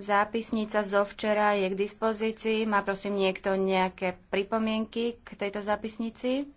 Zápisnica zo včera je k dispozícii. Má prosím niekto nejaké pripomienky k tejto zápisnici?